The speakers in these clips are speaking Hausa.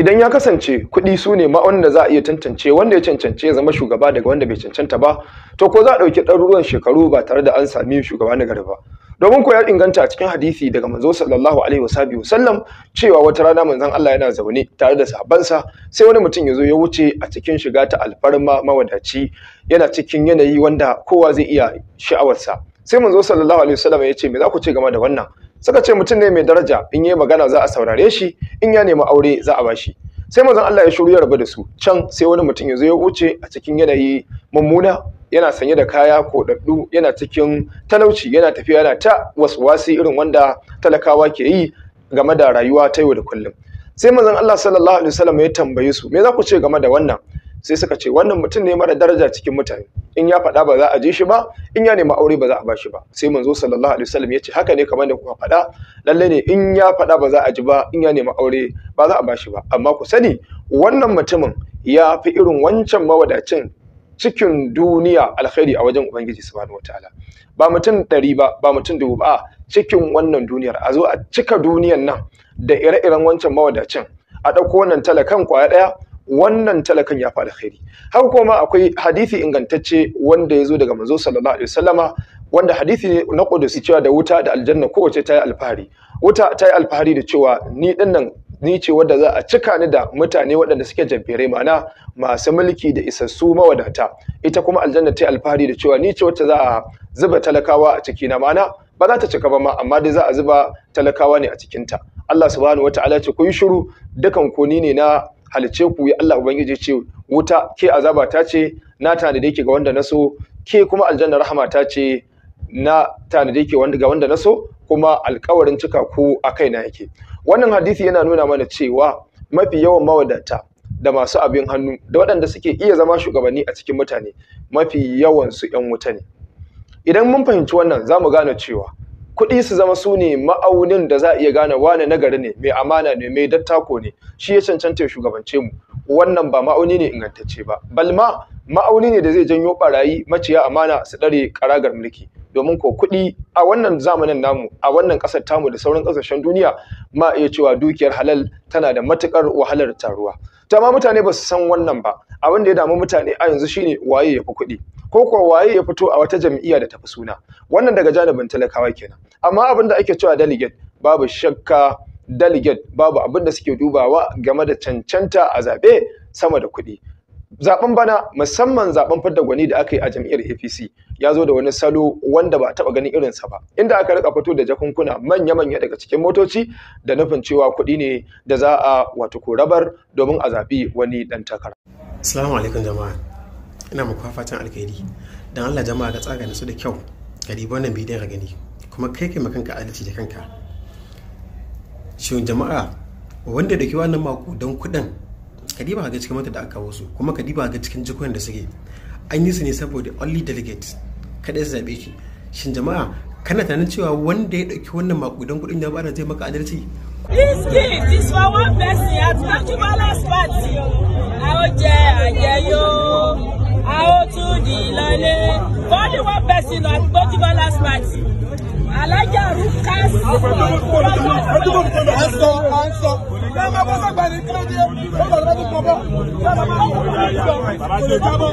idan ya kasance kuɗi su ne ma'aun da za a iya tantance wanda ya cancance ya zama shugaba daga wanda bai cancanta ba to ko za a ɗauki ɗaruruwan shekaru ba tare da an sami shugaba na gari ba domin ko ya inganta a cikin hadisi daga manzo sallallahu alaihi wasabi sallam cewa wata rana manzon Allah yana zaune tare da sahabbansa sai wani mutum ya zo ya wuce a cikin shiga ta alfarma mawadaci yana cikin yanayi wanda kowa zai iya sha'awarsa sai manzo sallallahu alaihi wasallam ya ce me za ku ce game da wannan suka ce mutum ne mai daraja in yi magana za a saurare shi in ya nemi aure za a bashi sai manzon Allah ya shiru ya rabu da su can sai wani mutum ya zo ya wuce a cikin yanayi mummuna yana sanye da kaya ko daddu yana cikin talauci yana tafiya yana ta wasi irin wanda talakawa ke yi game da rayuwa ta yau da kullum sai manzon Allah sallallahu alaihi wasallam ya tambaye su me za ku ce game da wannan sai suka ce wannan mutum ne mara daraja cikin mutane in ya faɗa ba za a ji shi ba in ya nemi aure ba za a ba shi ba sai manzo sallallahu alaihi wasallam ya ce haka ne kamar da kuka faɗa lalle ne in ya faɗa ba za a ji ba in ya nemi aure ba za a ba shi ba amma ku sani wannan mutumin ya fi irin wancan mawadacin cikin duniya alkhairi a wajen ubangiji subhanahu wataala ba mutum ɗari ba ba mutum dubu ba cikin wannan duniyar a zo a cika duniyar nan da ire-iren wancan mawadacin a ɗauko wannan talakan kwaya ɗaya wannan talakan ya fa khairi haka kuma akwai hadisi ingantacce wanda yazo daga manzo sallallahu alaihi wasallama wanda hadisi ne na kudusi cewa da wuta da aljanna kowace ta yi alfahari wuta ta yi alfahari da cewa ni dinnan ni ce wadda za a cika ni da mutane waɗanda suke jamfere mana masu mulki da isassu mawadata ita kuma aljanna ta yi alfahari da cewa ni ce wacce za a zuba talakawa a ciki na mana ba za ta cika ba ma amma dai za a zuba talakawa ne a cikinta Allah subhanahu wataala ce ku yi shiru dukan ku ni ne na halice ku ya Allah ubangiji ce wuta ke azaba ta ce na tanade ke ga wanda na so ke kuma aljanna rahama ta ce na tanade wanda ga wanda na so kuma alkawarin cika ku a kai kaina yake wannan hadisi yana nuna mana cewa mafi yawan mawadata da masu abin hannu da waɗanda suke iya zama shugabanni a cikin mutane mafi yawan su ƴan wuta ne idan mun fahimci wannan za mu gane cewa kuɗi su zama su ne ma'aunin da za a iya gane wane gari ne mai amana ne mai dattako ne shi ya cancanta ya shugabance mu wannan ba ma'auni ne ingantacce ba balma ma'auni ne da zai janyo barayi maciya amana su ɗare karagar mulki domin ko kuɗi a wannan zamanin namu a wannan ƙasar tamu da sauran ƙasashen duniya ma iya cewa dukiyar halal tana da matuƙar wahalar taruwa Ta ma mutane ba su san wannan ba abin da ya damu mutane a yanzu shine waye ya fi kuɗi ko ko waye ya fito a wata jam'iyya da tafi suna wannan daga janibin talakawa kenan amma abin da ake cewa delegate babu shakka delegate babu abin da suke dubawa game da cancanta a zaɓe sama da kuɗi zaben bana musamman zaben fadda gwani da aka yi a jam'iyyar APC ya zo da wani salo wanda ba a taba ganin irinsa ba inda aka rika fito da jakunkuna manya-manya daga cikin motoci da nufin cewa kuɗi ne da za a wato korabar domin a zaɓi wani ɗan takara. Assalamu alaikum jama'a. ina muku fatan alkhairi dan Allah jama'a ga tsaga su da kyau ga wannan bidiyon ga gani kuma kai kai makanka adalci da kanka shi jama'a wanda da ke wannan mako don kuɗin ka diba ga cikin mata da aka wasu kuma ka diba ga cikin jikunan da suke an yi su ne saboda only delegate kaɗai su zaɓe shi shi jama'a kana tunanin cewa wanda ya ɗauki wannan don kuɗin ya bada zai maka adalci This gift is for one person at Nakubala's party. Aoje, yo. a to tún di only one person at Gbójú Bọ́lá's party alájà rúkà sọ ansọ lẹ́mọ̀ bọ́ sọ̀gbà ní kí ló dé ó lọ lọ́dún kan bọ́ lọ́dún kan bọ́ kò lè jábọ́.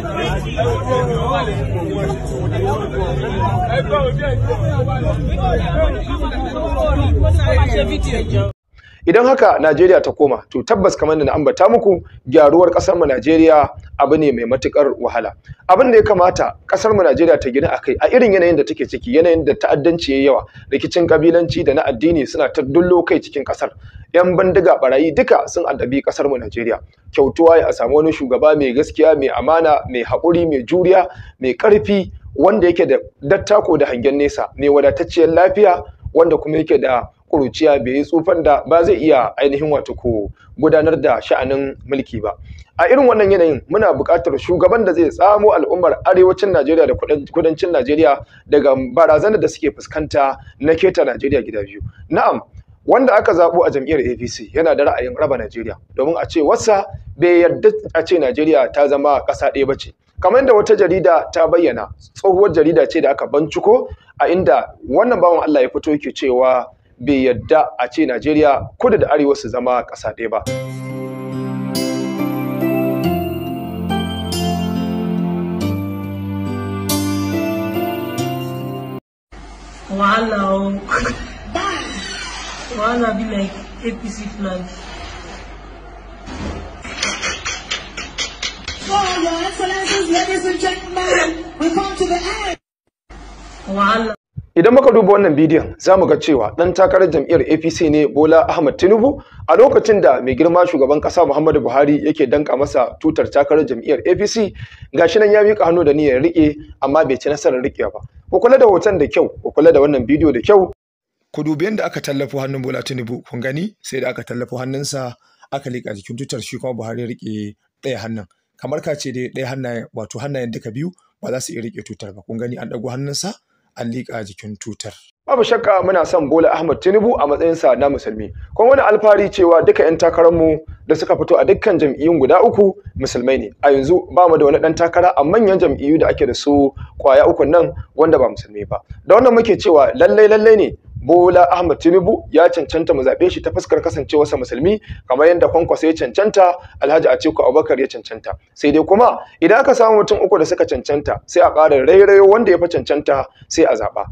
ẹgbẹ́ òde ẹ̀jẹ̀ wà lọ́wọ́. idan haka Najeriya ta koma to tabbas kamar da na ambata muku gyaruwar kasar mu Najeriya abu ne mai matukar wahala abin da ya kamata kasar mu Najeriya ta gina akai a irin yanayin da take ciki yanayin da ta'addanci yayi yawa rikicin kabilanci da na addini suna ta dullo kai cikin kasar yan bandiga barayi duka sun addabi kasar mu Najeriya kyautuwa ya samu wani shugaba mai gaskiya mai amana mai hakuri mai juriya mai karfi wanda yake da dattako da hangen nesa mai wadatacciyar lafiya wanda kuma yake da kuruciya bai yi tsufan da ba zai iya ainihin wato ko gudanar da sha'anin mulki ba a irin wannan yanayin muna buƙatar shugaban da zai tsamo al'ummar arewacin Najeriya da kudancin Najeriya daga barazanar da suke fuskanta na keta Najeriya gida biyu na'am wanda aka zabo a jam'iyyar APC yana da ra'ayin raba Najeriya domin a ce wasa bai yarda a ce Najeriya ta zama ƙasa ɗaya ba ce. kamar da wata jarida ta bayyana tsohuwar jarida ce da aka banciko a inda wannan bawan Allah ya fito yake cewa bai yadda a ce Najeriya kudu da arewa su zama ƙasa ɗaya ba. Wahala o. Wahala be like APC flag. Idan muka duba wannan bidiyon za mu ga cewa ɗan takarar jam'iyyar APC ne Bola Ahmad Tinubu a lokacin da mai girma shugaban ƙasa Muhammadu Buhari yake danka masa tutar takarar jam'iyyar APC gashi nan ya miƙa hannu da niyyar riƙe amma bai ci nasarar riƙewa ba. Ku kula da hoton da kyau, ku kula da wannan bidiyo da kyau. Ku dubi yadda aka tallafo hannun Bola Tinubu kun gani sai da aka tallafo hannunsa aka liƙa jikin tutar shi kuma Buhari ya riƙe ɗaya hannun. kamar ka ce dai ɗaya hannayen wato hannayen duka biyu ba za su iya riƙe tutar ba kun gani an ɗago hannunsa an liƙa jikin tutar. Babu shakka muna son Bola Ahmad Tinubu a matsayinsa na musulmi. Kuma wani alfahari cewa duka 'yan takararmu da suka fito a dukkan jam'iyyun guda uku musulmai ne. A yanzu ba mu da wani ɗan takara a manyan jam'iyyu da ake da su kwaya uku nan wanda ba musulmi ba. Da wannan muke cewa lallai lallai ne Bola Ahmed Tinubu ya cancanta mu zaɓe shi ta fuskar kasancewarsa musulmi kamar yadda Kwankwaso ya cancanta Alhaji Atiku Abubakar ya cancanta sai dai kuma idan aka samu mutum uku da suka cancanta sai a ƙara rairayo wanda ya fa cancanta sai a zaɓa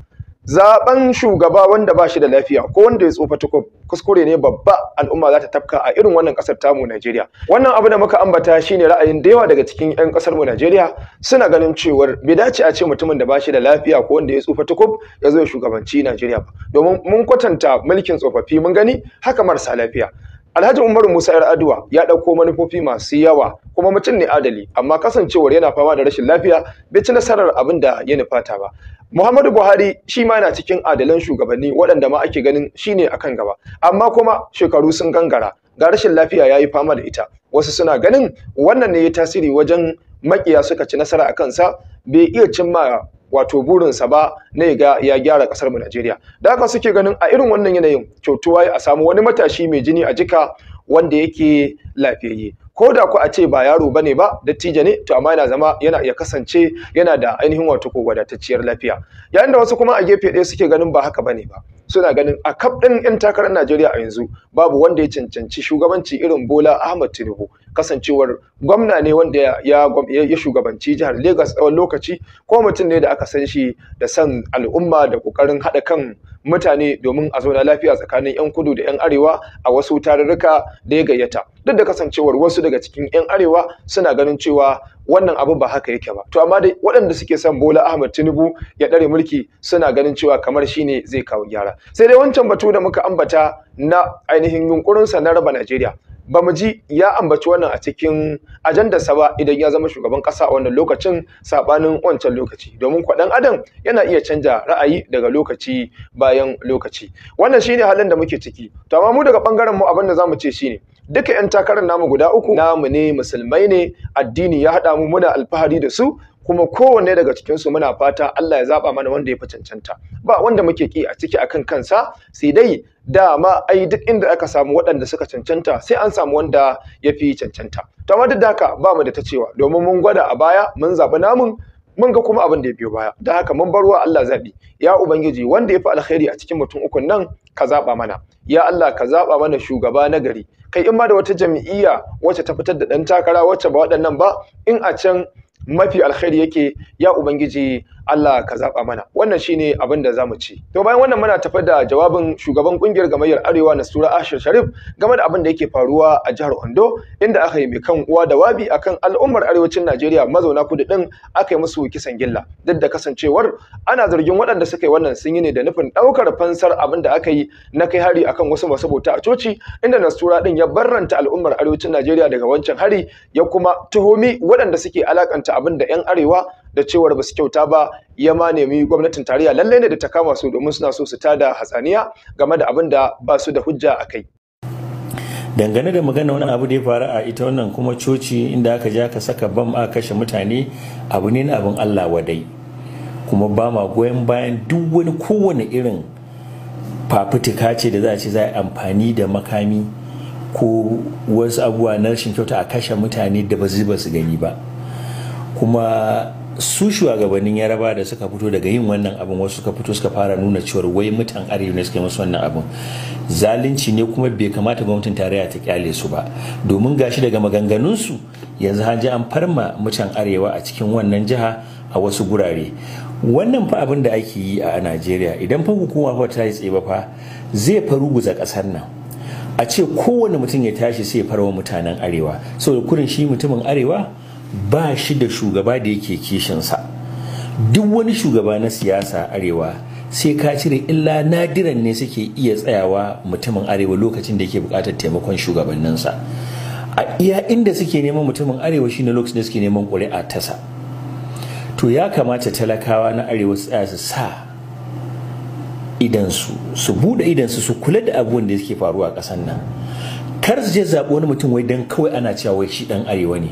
zaben shugaba wanda ba shi da lafiya ko wanda ya tsufa tukub kuskure ne babba al'umma za ta tafka a irin wannan kasar tamu Najeriya wannan abu da muka ambata shine ra'ayin da yawa daga cikin ƴan kasar mu Najeriya suna ganin cewar bai dace a ce mutumin da ba shi da lafiya ko wanda ya tsufa tukub ya zo shugabanci Najeriya ba domin mun kwatanta mulkin tsofaffi mun gani haka marasa lafiya Alhaji Umar Musa ‘yar Aduwa ya ɗauko manufofi masu yawa kuma mutum ne adali amma kasancewar yana fama da rashin lafiya bai ci nasarar abin da ya nufata ba. Muhammadu Buhari shi ma yana cikin adalan shugabanni waɗanda ma ake ganin shi ne akan gaba amma kuma shekaru sun gangara ga rashin lafiya ya yi fama da ita wasu suna ganin wannan ne ya tasiri wajen maƙiya suka ci nasara a kansa bai iya cimma wato burinsa ba na ga ya gyara kasar mu Najeriya da haka suke ganin a irin wannan yanayin kyautuwa a samu wani matashi mai jini a jika wanda yake lafiyayye ko da ku a ce ba yaro bane ba dattijo ne to amma yana zama yana ya kasance yana da ainihin wato ko wadatacciyar lafiya yayin da wasu kuma a gefe ɗaya suke ganin ba haka bane ba suna ganin a kaf ɗin 'yan takarar Najeriya a yanzu babu wanda ya cancanci shugabanci irin Bola Ahmad Tinubu kasancewar gwamna ne wanda ya ya shugabanci jihar Lagos tsawon lokaci ko mutum ne da aka san shi da san al'umma da kokarin haɗa kan mutane domin a zauna lafiya tsakanin 'yan kudu da 'yan arewa a wasu tarurruka da ya gayyata duk da kasancewar wasu daga cikin 'yan arewa suna ganin cewa wannan abu ba haka yake ba to amma dai waɗanda suke son Bola Ahmad Tinubu ya ɗare mulki suna ganin cewa kamar shi ne zai kawo gyara sai dai wancan batu da muka ambata na ainihin yunkurinsa na raba Najeriya ba mu ji ya ambaci wannan a cikin ajandarsa ba idan ya zama shugaban ƙasa a wannan lokacin saɓanin wancan lokaci domin kwaɗan adam yana iya canja ra'ayi daga lokaci ba bayan lokaci wannan shine halin da muke ciki to amma mu daga bangaren mu abin da zamu ce shine duka yan takarar namu guda uku namu ne musulmai ne addini ya haɗa mu muna alfahari da su kuma kowanne daga cikin su muna fata Allah ya zaba mana wanda ya fi cancanta ba wanda muke ki a ciki akan kansa sai dai dama ai duk inda aka samu waɗanda suka cancanta sai an samu wanda ya fi cancanta to amma duk da haka ba mu da ta cewa domin mun gwada a baya mun zaɓi namun mun ga kuma abin da ya biyo baya da haka mun bar wa Allah zabi ya ubangiji wanda ya fi alkhairi a cikin mutum ukun nan ka zaba mana ya Allah ka zaba mana shugaba na gari kai in ma da wata jam'iyya wacce ta fitar da dan takara wacce ba waɗannan ba in a can mafi alkhairi yake ya ubangiji Allah ka zaɓa mana wannan shine abin da zamu ci to bayan wannan muna tafi da jawabin shugaban kungiyar gamayyar Arewa sura Ashir Sharif game da abin da yake faruwa a jihar Ondo inda aka yi mai kan uwa da wabi akan al'ummar arewacin Najeriya mazauna kudu din aka yi musu kisan gilla duk da kasancewar ana zargin waɗanda suka yi wannan sun yi ne da nufin ɗaukar fansar abin da aka yi na kai hari akan wasu masabota a coci inda Nasura din ya barranta al'ummar arewacin Najeriya daga wancan hari ya kuma tuhumi waɗanda suke alakanta abin da 'yan arewa da cewar ba su kyauta ba ya ma nemi gwamnatin tarayya lallai ne da ta kama su domin suna so su tada hatsaniya game da abin da ba su da hujja a kai dangane da magana wani abu da ya faru a ita wannan kuma coci inda aka je aka saka bam a kashe mutane abu ne na abin Allah wadai kuma ba ma goyon bayan duk wani kowane irin fafutuka ce da za a ce za a amfani da makami ko wasu abubuwa na rashin kyauta a kashe mutane da ba su gani ba kuma su shugabannin yaraba da suka fito daga yin wannan abin wasu suka fito suka fara nuna cewar wai mutan arewa ne suka yi musu wannan abin zalunci ne kuma bai kamata gwamnatin tarayya ta kyale su ba domin gashi daga maganganunsu yanzu an ji an farma mutan arewa a cikin wannan jiha a wasu gurare wannan fa abin da ake yi a najeriya idan fa hukuma fa ta yi tsaye fa zai faru guza kasar nan a ce kowane mutum ya tashi sai ya farawa mutanen arewa saboda kurin shi mutumin arewa ba shi da shugaba da yake kishinsa duk wani shugaba na siyasa arewa sai ka cire illa nadiran ne suke iya tsayawa mutumin arewa lokacin da yake bukatar taimakon shugabanninsa a iya inda suke neman mutumin arewa shine lokacin da suke neman ƙuri'a tasa to ya kamata talakawa na arewa su tsaya su sa idansu su buɗe idansu su kula da abubuwan da suke faruwa a ƙasar nan kar su je zaɓi wani mutum wai dan kawai ana cewa wai shi ɗan arewa ne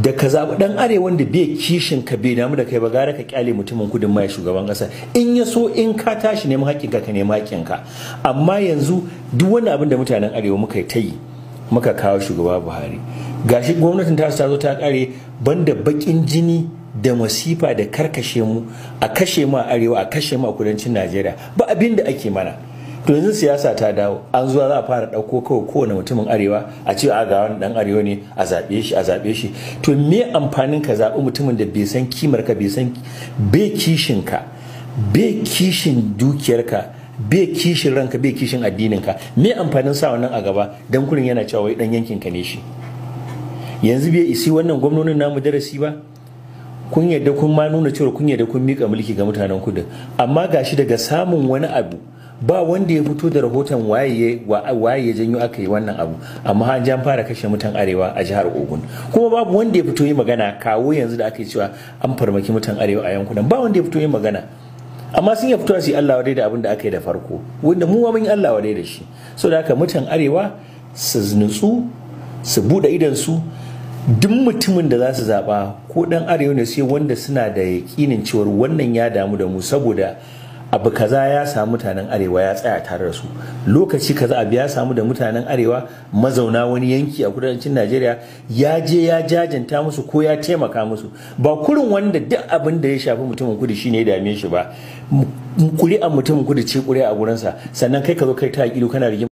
da ka zaɓi ɗan arewan da bai kishin ka bai damu da kai ba gara ka kyale mutumin kudin mai shugaban ƙasa in ya so in ka tashi neman haƙƙinka ka neman haƙƙinka amma yanzu duk wani abin da mutanen arewa muka yi ta yi muka kawo shugaba buhari gashi gwamnatin ta ta zo ta ƙare banda baƙin jini da masifa da karkashe mu a kashe mu a arewa a kashe mu a kudancin najeriya ba abin da ake mana to yanzu siyasa ta dawo an zuwa za a fara ɗauko kawai kowane mutumin arewa a ce a ga wani arewa ne a zaɓe shi a zaɓe shi to me amfanin ka zaɓi mutumin da bai san kimar ka bai san bai kishin ka bai kishin dukiyar ka bai kishin ranka bai kishin addinin ka me amfanin sa wannan a gaba dan kurin yana cewa wai dan yankin ka ne shi yanzu bai isi wannan gwamnonin namu darasi ba kun yadda kun ma nuna cewa kun yadda kun mika mulki ga mutanen kudu amma gashi daga samun wani abu ba wanda ya fito da rahoton waye waye ya janyo aka yi wannan abu amma an jan fara kashe mutan arewa a jihar Ogun kuma babu wanda ya fito yi magana kawo yanzu da aka yi cewa an farmaki mutan arewa a yankunan ba wanda ya fito yi magana amma sun iya fito su yi Allah wadai da abin da aka yi da farko wanda mu mun yi Allah wadai da shi so da haka mutan arewa su nutsu su bude idan su duk mutumin da za su zaɓa ko dan arewa ne sai wanda suna da yakinin cewar wannan ya damu da mu saboda abu kaza ya samu mutanen arewa ya tsaya tare da su lokaci kaza abu ya samu da mutanen arewa mazauna wani yanki a kudancin najeriya ya je ya jajanta musu ko ya taimaka musu ba kurin wanda duk abin da ya shafi mutumin kudu shine ya dame shi ba a mutumin kudu ce kuri a gurinsa sannan kai ka zo kai ta ido kana rigima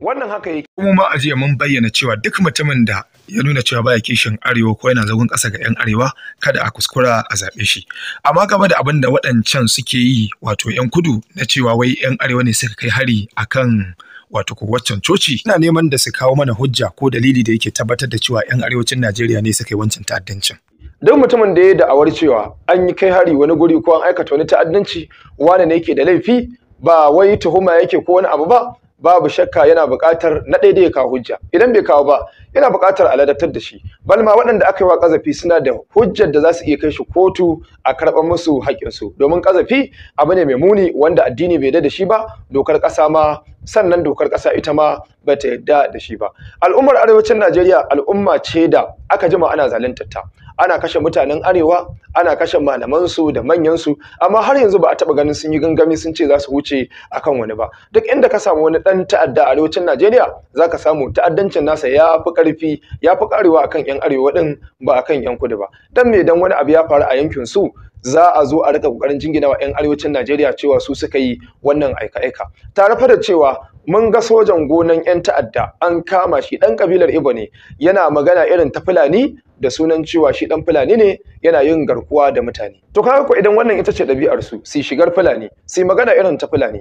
wannan haka yake kuma ma a jiya mun bayyana cewa duk mutumin da ya nuna cewa baya kishin arewa ko yana zagon ƙasa ga 'yan arewa kada a kuskura a zaɓe shi amma game da abin da waɗancan suke yi wato 'yan kudu na cewa wai 'yan arewa ne suka kai hari akan wato ko waccan coci ina neman da su kawo mana hujja ko dalili da yake tabbatar da cewa 'yan arewacin najeriya ne suka yi wancan ta'addancin duk mutumin da ya da'awar cewa an yi kai hari wani guri ko an aikata wani ta'addanci wane ne yake da laifi ba wai tuhuma yake ko wani abu ba babu shakka yana buƙatar na ɗaya da ya kawo hujja idan bai kawo ba yana buƙatar a ladatar da shi balma waɗanda aka yi wa ƙazafi suna da hujjar da za su iya kai shi kotu a karɓar musu haƙƙinsu domin ƙazafi abu ne mai muni wanda addini bai yarda da shi ba dokar ƙasa ma sannan dokar ƙasa ita ma bata ta yarda da shi ba al'ummar arewacin najeriya al'umma ce da aka jima ana zaluntar ta ana kashe mutanen arewa ana kashe malaman su da manyansu amma har yanzu ba a taɓa ganin sun yi gangami sun ce za su wuce akan wani ba duk inda ka samu wani ɗan ta'adda a arewacin najeriya zaka samu ta'addancin nasa ya fi ƙarfi ya fi ƙarewa akan 'yan arewa din ba akan 'yan kudu ba dan me dan wani abu ya faru a yankin su za a zo a rika kokarin jingina wa 'yan arewacin Najeriya cewa su suka yi wannan aika-aika. Tare fa da cewa mun ga sojan gonan 'yan ta'adda an kama shi ɗan kabilar Ibo ne yana magana irin ta Fulani da sunan cewa shi dan fulani ne yana yin garkuwa da mutane to kaga ko idan wannan ita ce dabi'ar su si shigar fulani si magana irin ta fulani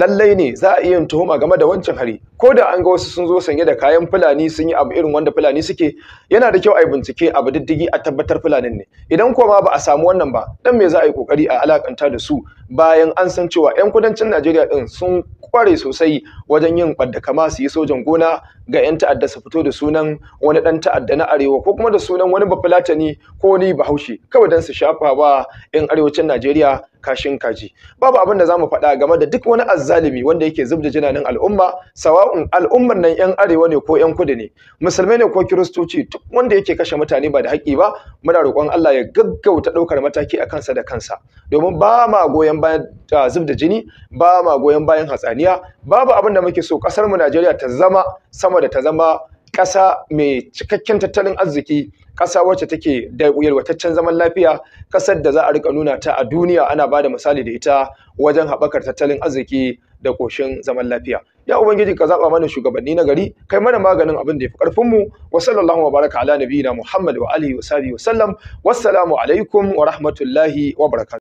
lallai ne za a iya yin tuhuma game da wancan hari ko da an ga wasu sun zo sanye da kayan fulani sun yi abu irin wanda fulani suke yana da kyau a yi bincike a diddigi a tabbatar fulanin ne idan kuma ba a samu wannan ba dan me za a yi kokari a alakanta da su bayan an san cewa yan kudancin Najeriya din sun kware sosai wajen yin ɓadda kama su yi sojan gona ga 'yan ta'adda su fito da sunan wani ɗan ta'adda na arewa ko kuma da sunan wani bafulatani ko wani bahaushe kawai don su shafa wa 'yan arewacin Najeriya kashin kaji babu abin da zamu faɗa game da duk wani azzalimi wanda yake zubda jinanin al'umma sawa'un al'ummar nan yan arewa ne ko yan kudu ne musulmai ne ko kiristoci duk wanda yake kashe mutane ba da haƙƙi ba muna roƙon Allah ya gaggauta ɗaukar mataki a kansa da kansa domin ba ma goyon bayan zubda jini ba ma goyon bayan hatsaniya babu abin da muke so ƙasar mu Najeriya ta zama sama da ta zama ƙasa mai cikakken tattalin arziki ƙasa wacce take da yalwataccen zaman lafiya ƙasar da za a rika nuna ta a duniya ana bada misali da ita wajen haɓakar tattalin arziki da ƙoshin zaman lafiya ya ubangiji ka zaɓa mana shugabanni na gari kai mana maganin abin da ya fi ƙarfin mu wa sallallahu wa baraka ala nabiyina muhammad wa alihi wa sahbihi wa sallam wassalamu alaikum wa rahmatullahi wa barakatuh